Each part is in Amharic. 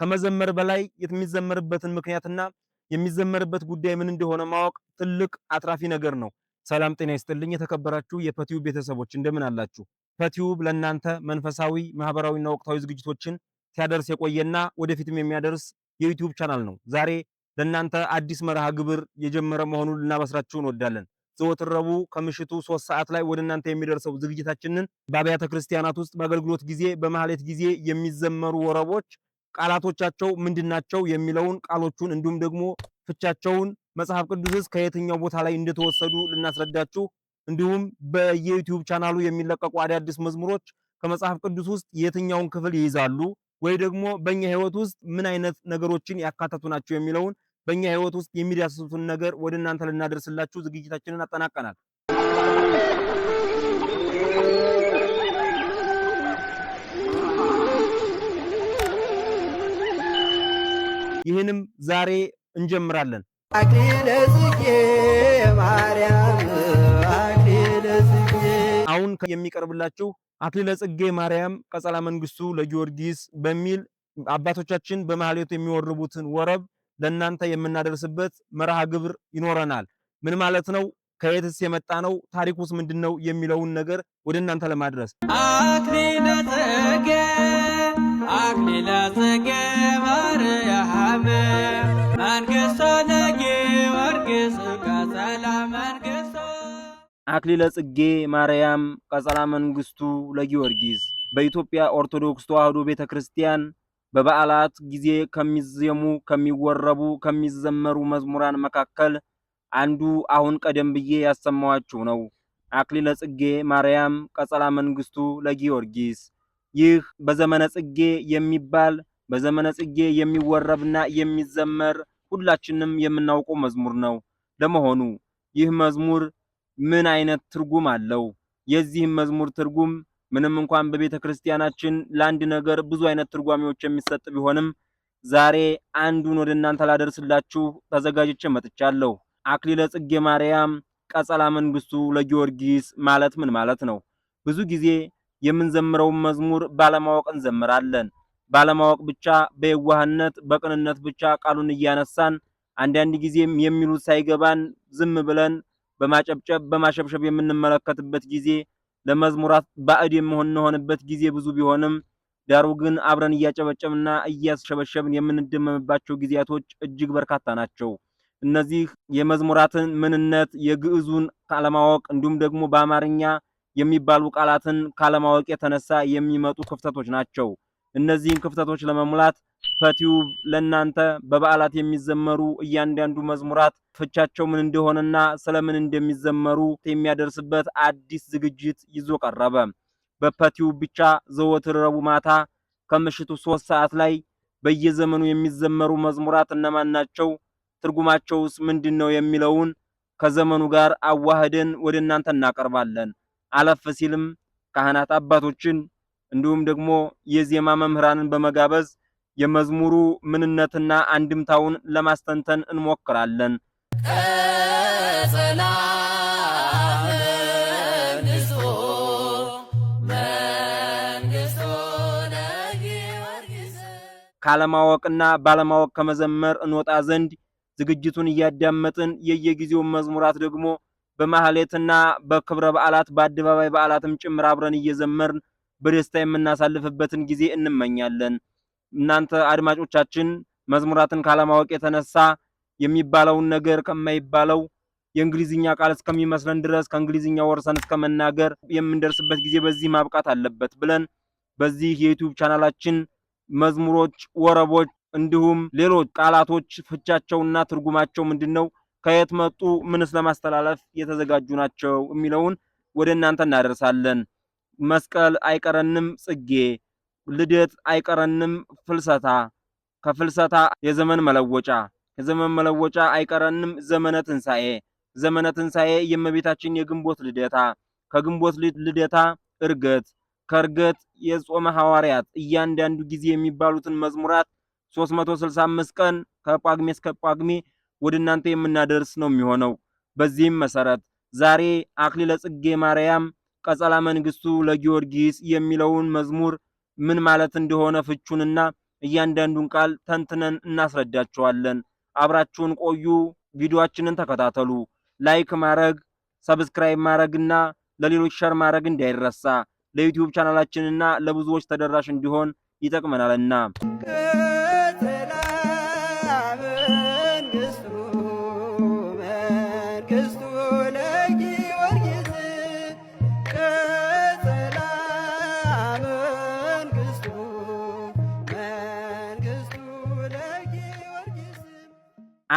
ከመዘመር በላይ የሚዘመርበትን ምክንያትና የሚዘመርበት ጉዳይ ምን እንደሆነ ማወቅ ትልቅ አትራፊ ነገር ነው። ሰላም ጤና ይስጥልኝ። የተከበራችሁ የፐቲዩብ ቤተሰቦች እንደምን አላችሁ? ፐቲዩብ ለእናንተ መንፈሳዊ፣ ማህበራዊና ወቅታዊ ዝግጅቶችን ሲያደርስ የቆየና ወደፊትም የሚያደርስ የዩቲዩብ ቻናል ነው። ዛሬ ለእናንተ አዲስ መርሃ ግብር የጀመረ መሆኑን ልናበስራችሁ እንወዳለን። ዘወትር ረቡዕ ከምሽቱ ሶስት ሰዓት ላይ ወደ እናንተ የሚደርሰው ዝግጅታችንን በአብያተ ክርስቲያናት ውስጥ በአገልግሎት ጊዜ፣ በማህሌት ጊዜ የሚዘመሩ ወረቦች ቃላቶቻቸው ምንድናቸው የሚለውን ቃሎቹን እንዲሁም ደግሞ ፍቻቸውን መጽሐፍ ቅዱስስ ከየትኛው ቦታ ላይ እንደተወሰዱ ልናስረዳችሁ እንዲሁም በየዩቲዩብ ቻናሉ የሚለቀቁ አዳዲስ መዝሙሮች ከመጽሐፍ ቅዱስ ውስጥ የትኛውን ክፍል ይይዛሉ ወይ ደግሞ በእኛ ህይወት ውስጥ ምን አይነት ነገሮችን ያካተቱ ናቸው የሚለውን በእኛ ህይወት ውስጥ የሚዳስሱትን ነገር ወደ እናንተ ልናደርስላችሁ ዝግጅታችንን አጠናቀናል። ይህንም ዛሬ እንጀምራለን። አሁን የሚቀርብላችሁ አክሊለ ጽጌ ማርያም ቀጸላ መንግስቱ ለጊዮርጊስ በሚል አባቶቻችን በማህሌቱ የሚወርቡትን ወረብ ለእናንተ የምናደርስበት መርሃ ግብር ይኖረናል። ምን ማለት ነው? ከየትስ የመጣ ነው? ታሪኩስ ምንድን ነው? የሚለውን ነገር ወደ እናንተ ለማድረስ አክሊለ ጽጌ አክሊለ ጽጌ መንግሥቶ አክሊለ ጽጌ ማርያም ቀጸላ መንግስቱ ለጊዮርጊስ በኢትዮጵያ ኦርቶዶክስ ተዋህዶ ቤተ ክርስቲያን በበዓላት ጊዜ ከሚዜሙ ከሚወረቡ ከሚዘመሩ መዝሙራን መካከል አንዱ አሁን ቀደም ብዬ ያሰማዋችሁ ነው። አክሊለ ጽጌ ማርያም ቀጸላ መንግስቱ ለጊዮርጊስ። ይህ በዘመነ ጽጌ የሚባል በዘመነ ጽጌ የሚወረብና የሚዘመር ሁላችንም የምናውቀው መዝሙር ነው። ለመሆኑ ይህ መዝሙር ምን አይነት ትርጉም አለው? የዚህም መዝሙር ትርጉም ምንም እንኳን በቤተ ክርስቲያናችን ለአንድ ነገር ብዙ አይነት ትርጓሜዎች የሚሰጥ ቢሆንም ዛሬ አንዱን ወደ እናንተ ላደርስላችሁ ተዘጋጅቼ መጥቻለሁ። አክሊለ ጽጌ ማርያም ቀጸላ መንግስቱ ለጊዮርጊስ ማለት ምን ማለት ነው? ብዙ ጊዜ የምንዘምረውን መዝሙር ባለማወቅ እንዘምራለን። ባለማወቅ ብቻ በየዋህነት በቅንነት ብቻ ቃሉን እያነሳን አንዳንድ ጊዜም የሚሉት ሳይገባን ዝም ብለን በማጨብጨብ በማሸብሸብ የምንመለከትበት ጊዜ ለመዝሙራት ባዕድ የምንሆንበት ጊዜ ብዙ ቢሆንም ዳሩ ግን አብረን እያጨበጨብና እያሸበሸብን የምንደመምባቸው ጊዜያቶች እጅግ በርካታ ናቸው። እነዚህ የመዝሙራትን ምንነት የግዕዙን ካለማወቅ እንዲሁም ደግሞ በአማርኛ የሚባሉ ቃላትን ካለማወቅ የተነሳ የሚመጡ ክፍተቶች ናቸው። እነዚህን ክፍተቶች ለመሙላት ፈቲዩብ ለእናንተ በበዓላት የሚዘመሩ እያንዳንዱ መዝሙራት ፍቻቸው ምን እንደሆነና ስለምን እንደሚዘመሩ የሚያደርስበት አዲስ ዝግጅት ይዞ ቀረበ። በፈቲዩብ ብቻ ዘወትር ረቡዕ ማታ ከምሽቱ ሶስት ሰዓት ላይ በየዘመኑ የሚዘመሩ መዝሙራት እነማን ናቸው? ትርጉማቸውስ ምንድን ነው? የሚለውን ከዘመኑ ጋር አዋህደን ወደ እናንተ እናቀርባለን። አለፍ ሲልም ካህናት አባቶችን እንዲሁም ደግሞ የዜማ መምህራንን በመጋበዝ የመዝሙሩ ምንነትና አንድምታውን ለማስተንተን እንሞክራለን። ካለማወቅና ባለማወቅ ከመዘመር እንወጣ ዘንድ ዝግጅቱን እያዳመጥን የየጊዜውን መዝሙራት ደግሞ በማህሌትና በክብረ በዓላት በአደባባይ በዓላትም ጭምር አብረን እየዘመርን በደስታ የምናሳልፍበትን ጊዜ እንመኛለን። እናንተ አድማጮቻችን መዝሙራትን ካለማወቅ የተነሳ የሚባለውን ነገር ከማይባለው የእንግሊዝኛ ቃል እስከሚመስለን ድረስ ከእንግሊዝኛ ወርሰን እስከመናገር የምንደርስበት ጊዜ በዚህ ማብቃት አለበት ብለን በዚህ የዩቲዩብ ቻናላችን መዝሙሮች፣ ወረቦች እንዲሁም ሌሎች ቃላቶች ፍቻቸውና ትርጉማቸው ምንድን ነው፣ ከየት መጡ፣ ምንስ ለማስተላለፍ የተዘጋጁ ናቸው የሚለውን ወደ እናንተ እናደርሳለን። መስቀል አይቀረንም ጽጌ፣ ልደት አይቀረንም ፍልሰታ፣ ከፍልሰታ የዘመን መለወጫ፣ የዘመን መለወጫ አይቀረንም ዘመነ ትንሣኤ፣ ዘመነ ትንሣኤ የእመቤታችን የግንቦት ልደታ፣ ከግንቦት ልደታ እርገት፣ ከእርገት የጾመ ሐዋርያት እያንዳንዱ ጊዜ የሚባሉትን መዝሙራት 365 ቀን ከጳግሜ እስከ ጳግሜ ወደ እናንተ የምናደርስ ነው የሚሆነው። በዚህም መሰረት ዛሬ አክሊለ ጽጌ ማርያም ቀጸላ መንግስቱ ለጊዮርጊስ የሚለውን መዝሙር ምን ማለት እንደሆነ ፍቹንና እያንዳንዱን ቃል ተንትነን እናስረዳቸዋለን። አብራችሁን ቆዩ፣ ቪዲዮአችንን ተከታተሉ። ላይክ ማድረግ፣ ሰብስክራይብ ማድረግና ለሌሎች ሸር ማድረግ እንዳይረሳ። ለዩቲዩብ ቻናላችንና ለብዙዎች ተደራሽ እንዲሆን ይጠቅመናልና።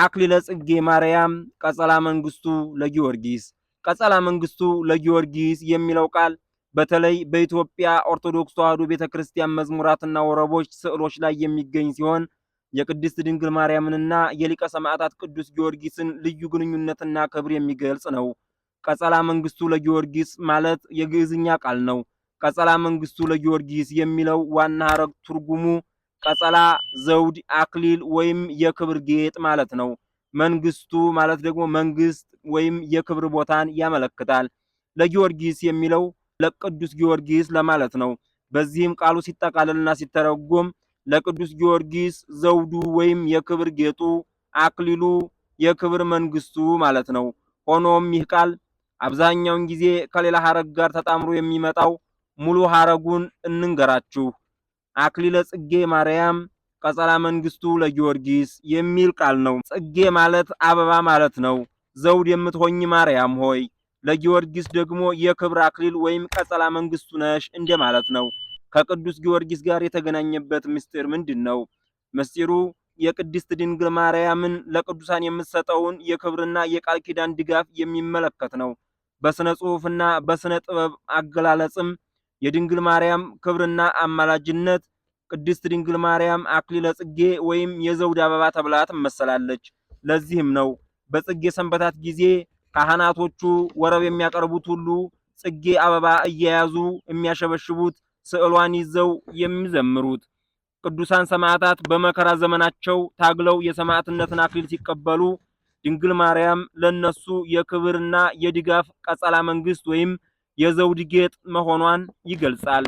አክሊለ ጽጌ ማርያም ቀጸላ መንግስቱ ለጊዮርጊስ ቀጸላ መንግስቱ ለጊዮርጊስ የሚለው ቃል በተለይ በኢትዮጵያ ኦርቶዶክስ ተዋሕዶ ቤተ ክርስቲያን መዝሙራትና ወረቦች ስዕሎች ላይ የሚገኝ ሲሆን የቅድስት ድንግል ማርያምንና የሊቀ ሰማዕታት ቅዱስ ጊዮርጊስን ልዩ ግንኙነትና ክብር የሚገልጽ ነው። ቀጸላ መንግስቱ ለጊዮርጊስ ማለት የግዕዝኛ ቃል ነው። ቀጸላ መንግስቱ ለጊዮርጊስ የሚለው ዋና ሐረግ ትርጉሙ ቀጸላ፣ ዘውድ፣ አክሊል ወይም የክብር ጌጥ ማለት ነው። መንግስቱ ማለት ደግሞ መንግስት ወይም የክብር ቦታን ያመለክታል። ለጊዮርጊስ የሚለው ለቅዱስ ጊዮርጊስ ለማለት ነው። በዚህም ቃሉ ሲጠቃለልና ሲተረጎም ለቅዱስ ጊዮርጊስ ዘውዱ ወይም የክብር ጌጡ፣ አክሊሉ የክብር መንግስቱ ማለት ነው። ሆኖም ይህ ቃል አብዛኛውን ጊዜ ከሌላ ሀረግ ጋር ተጣምሮ የሚመጣው ሙሉ ሀረጉን እንንገራችሁ። አክሊለ ጽጌ ማርያም ቀጸላ መንግስቱ ለጊዮርጊስ የሚል ቃል ነው። ጽጌ ማለት አበባ ማለት ነው። ዘውድ የምትሆኝ ማርያም ሆይ ለጊዮርጊስ ደግሞ የክብር አክሊል ወይም ቀጸላ መንግስቱ ነሽ እንደማለት ነው። ከቅዱስ ጊዮርጊስ ጋር የተገናኘበት ምስጢር ምንድን ነው? ምስጢሩ የቅድስት ድንግል ማርያምን ለቅዱሳን የምትሰጠውን የክብርና የቃል ኪዳን ድጋፍ የሚመለከት ነው። በስነ ጽሑፍና በስነ ጥበብ አገላለጽም የድንግል ማርያም ክብርና አማላጅነት ቅድስት ድንግል ማርያም አክሊለ ጽጌ ወይም የዘውድ አበባ ተብላ ትመሰላለች። ለዚህም ነው በጽጌ ሰንበታት ጊዜ ካህናቶቹ ወረብ የሚያቀርቡት ሁሉ ጽጌ አበባ እየያዙ የሚያሸበሽቡት ስዕሏን ይዘው የሚዘምሩት። ቅዱሳን ሰማዕታት በመከራ ዘመናቸው ታግለው የሰማዕትነትን አክሊል ሲቀበሉ ድንግል ማርያም ለነሱ የክብርና የድጋፍ ቀጸላ መንግስት ወይም የዘውድ ጌጥ መሆኗን ይገልጻል።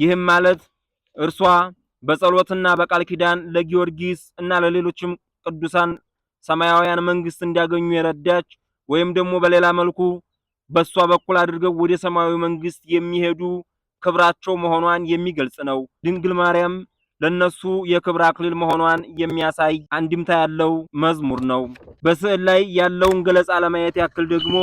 ይህም ማለት እርሷ በጸሎትና በቃል ኪዳን ለጊዮርጊስ እና ለሌሎችም ቅዱሳን ሰማያውያን መንግስት እንዲያገኙ የረዳች ወይም ደግሞ በሌላ መልኩ በእሷ በኩል አድርገው ወደ ሰማያዊ መንግስት የሚሄዱ ክብራቸው መሆኗን የሚገልጽ ነው። ድንግል ማርያም ለነሱ የክብር አክሊል መሆኗን የሚያሳይ አንድምታ ያለው መዝሙር ነው። በስዕል ላይ ያለውን ገለጻ ለማየት ያክል ደግሞ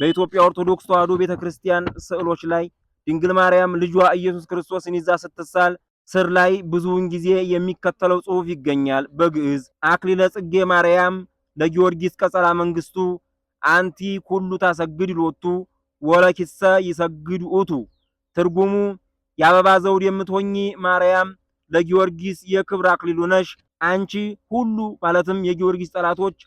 በኢትዮጵያ ኦርቶዶክስ ተዋሕዶ ቤተክርስቲያን ስዕሎች ላይ ድንግል ማርያም ልጇ ኢየሱስ ክርስቶስን ይዛ ስትሳል ስር ላይ ብዙውን ጊዜ የሚከተለው ጽሑፍ ይገኛል። በግዕዝ አክሊለ ጽጌ ማርያም ለጊዮርጊስ ቀጸላ መንግስቱ አንቲ ኩሉ ታሰግድ ሎቱ ወለኪሰ ይሰግድ ኡቱ። ትርጉሙ የአበባ ዘውድ የምትሆኚ ማርያም ለጊዮርጊስ የክብር አክሊሉ ነሽ። አንቺ ሁሉ ማለትም የጊዮርጊስ ጠላቶች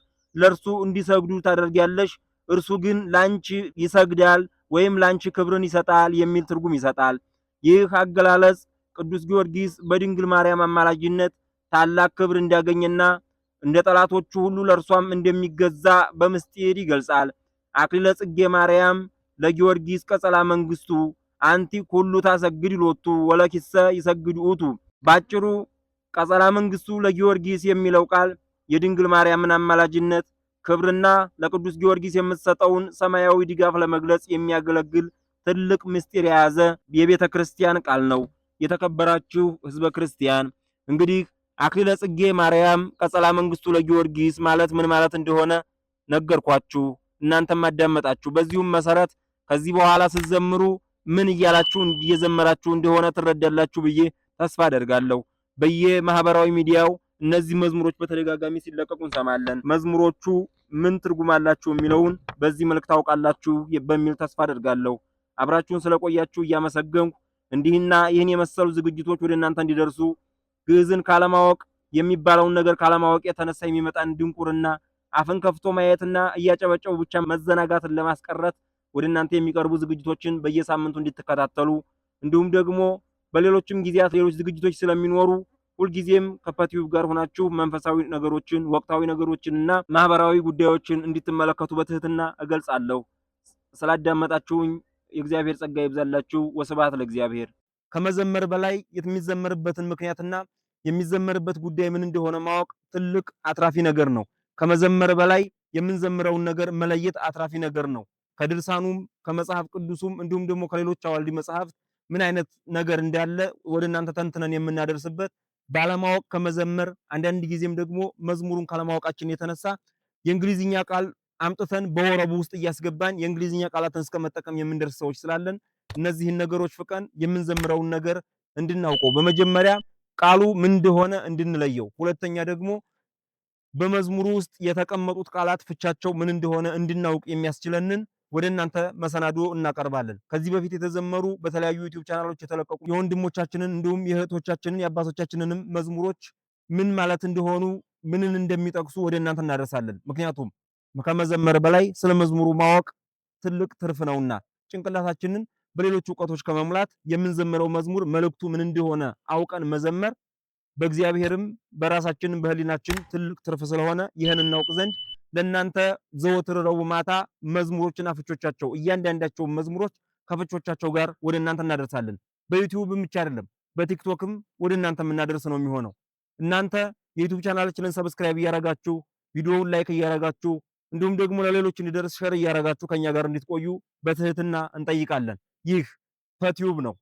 ለእርሱ እንዲሰግዱ ታደርጊያለሽ፣ እርሱ ግን ላንቺ ይሰግዳል ወይም ላንቺ ክብርን ይሰጣል የሚል ትርጉም ይሰጣል። ይህ አገላለጽ ቅዱስ ጊዮርጊስ በድንግል ማርያም አማላጅነት ታላቅ ክብር እንዲያገኝና እንደ ጠላቶቹ ሁሉ ለእርሷም እንደሚገዛ በምስጢር ይገልጻል። አክሊለ ጽጌ ማርያም ለጊዮርጊስ ቀጸላ መንግስቱ አንቲ ሁሉ ታሰግድ ሎቱ ወለኪሰ ይሰግድ ውእቱ ባጭሩ ቀጸላ መንግስቱ ለጊዮርጊስ የሚለው ቃል የድንግል ማርያምን አማላጅነት ክብርና ለቅዱስ ጊዮርጊስ የምትሰጠውን ሰማያዊ ድጋፍ ለመግለጽ የሚያገለግል ትልቅ ምስጢር የያዘ የቤተ ክርስቲያን ቃል ነው። የተከበራችሁ ህዝበ ክርስቲያን እንግዲህ አክሊለ ጽጌ ማርያም ቀጸላ መንግስቱ ለጊዮርጊስ ማለት ምን ማለት እንደሆነ ነገርኳችሁ፣ እናንተም አዳመጣችሁ። በዚሁም መሰረት ከዚህ በኋላ ስትዘምሩ ምን እያላችሁ እየዘመራችሁ እንደሆነ ትረዳላችሁ ብዬ ተስፋ አደርጋለሁ። በየማህበራዊ ሚዲያው እነዚህ መዝሙሮች በተደጋጋሚ ሲለቀቁ እንሰማለን። መዝሙሮቹ ምን ትርጉም አላቸው የሚለውን በዚህ መልክ ታውቃላችሁ በሚል ተስፋ አደርጋለሁ። አብራችሁን ስለቆያችሁ እያመሰገንኩ እንዲህና ይህን የመሰሉ ዝግጅቶች ወደ እናንተ እንዲደርሱ ግዕዝን ካለማወቅ የሚባለውን ነገር ካለማወቅ የተነሳ የሚመጣን ድንቁርና አፍን ከፍቶ ማየትና እያጨበጨቡ ብቻ መዘናጋትን ለማስቀረት ወደ እናንተ የሚቀርቡ ዝግጅቶችን በየሳምንቱ እንድትከታተሉ እንዲሁም ደግሞ በሌሎችም ጊዜያት ሌሎች ዝግጅቶች ስለሚኖሩ ሁልጊዜም ከፐቲዩብ ጋር ሆናችሁ መንፈሳዊ ነገሮችን፣ ወቅታዊ ነገሮችን እና ማህበራዊ ጉዳዮችን እንድትመለከቱ በትህትና እገልጻለሁ። ስላዳመጣችሁኝ የእግዚአብሔር ጸጋ ይብዛላችሁ። ወስብሐት ለእግዚአብሔር። ከመዘመር በላይ የሚዘመርበትን ምክንያትና የሚዘመርበት ጉዳይ ምን እንደሆነ ማወቅ ትልቅ አትራፊ ነገር ነው። ከመዘመር በላይ የምንዘምረውን ነገር መለየት አትራፊ ነገር ነው። ከድርሳኑም ከመጽሐፍ ቅዱሱም እንዲሁም ደግሞ ከሌሎች አዋልድ መጽሐፍት ምን አይነት ነገር እንዳለ ወደ እናንተ ተንትነን የምናደርስበት ባለማወቅ ከመዘመር አንዳንድ ጊዜም ደግሞ መዝሙሩን ካለማወቃችን የተነሳ የእንግሊዝኛ ቃል አምጥተን በወረቡ ውስጥ እያስገባን የእንግሊዝኛ ቃላትን እስከመጠቀም የምንደርስ ሰዎች ስላለን እነዚህን ነገሮች ፍቀን የምንዘምረውን ነገር እንድናውቀው በመጀመሪያ ቃሉ ምን እንደሆነ እንድንለየው፣ ሁለተኛ ደግሞ በመዝሙሩ ውስጥ የተቀመጡት ቃላት ፍቻቸው ምን እንደሆነ እንድናውቅ የሚያስችለንን ወደ እናንተ መሰናዶ እናቀርባለን። ከዚህ በፊት የተዘመሩ በተለያዩ ዩቲዩብ ቻናሎች የተለቀቁ የወንድሞቻችንን እንዲሁም የእህቶቻችንን የአባቶቻችንንም መዝሙሮች ምን ማለት እንደሆኑ ምንን እንደሚጠቅሱ ወደ እናንተ እናደርሳለን። ምክንያቱም ከመዘመር በላይ ስለ መዝሙሩ ማወቅ ትልቅ ትርፍ ነውና ጭንቅላታችንን በሌሎች እውቀቶች ከመሙላት የምንዘምረው መዝሙር መልእክቱ ምን እንደሆነ አውቀን መዘመር በእግዚአብሔርም በራሳችን በህሊናችን ትልቅ ትርፍ ስለሆነ ይህን እናውቅ ዘንድ ለእናንተ ዘወትር ረቡዕ ማታ መዝሙሮችና ፍቾቻቸው እያንዳንዳቸው መዝሙሮች ከፍቾቻቸው ጋር ወደ እናንተ እናደርሳለን። በዩቲዩብም ብቻ አይደለም በቲክቶክም ወደ እናንተ የምናደርስ ነው የሚሆነው። እናንተ የዩቲዩብ ቻናላችንን ሰብስክራይብ እያረጋችሁ ቪዲዮውን ላይክ እያረጋችሁ እንዲሁም ደግሞ ለሌሎች እንዲደርስ ሸር እያረጋችሁ ከኛ ጋር እንድትቆዩ በትህትና እንጠይቃለን። ይህ ፈትዩብ ነው።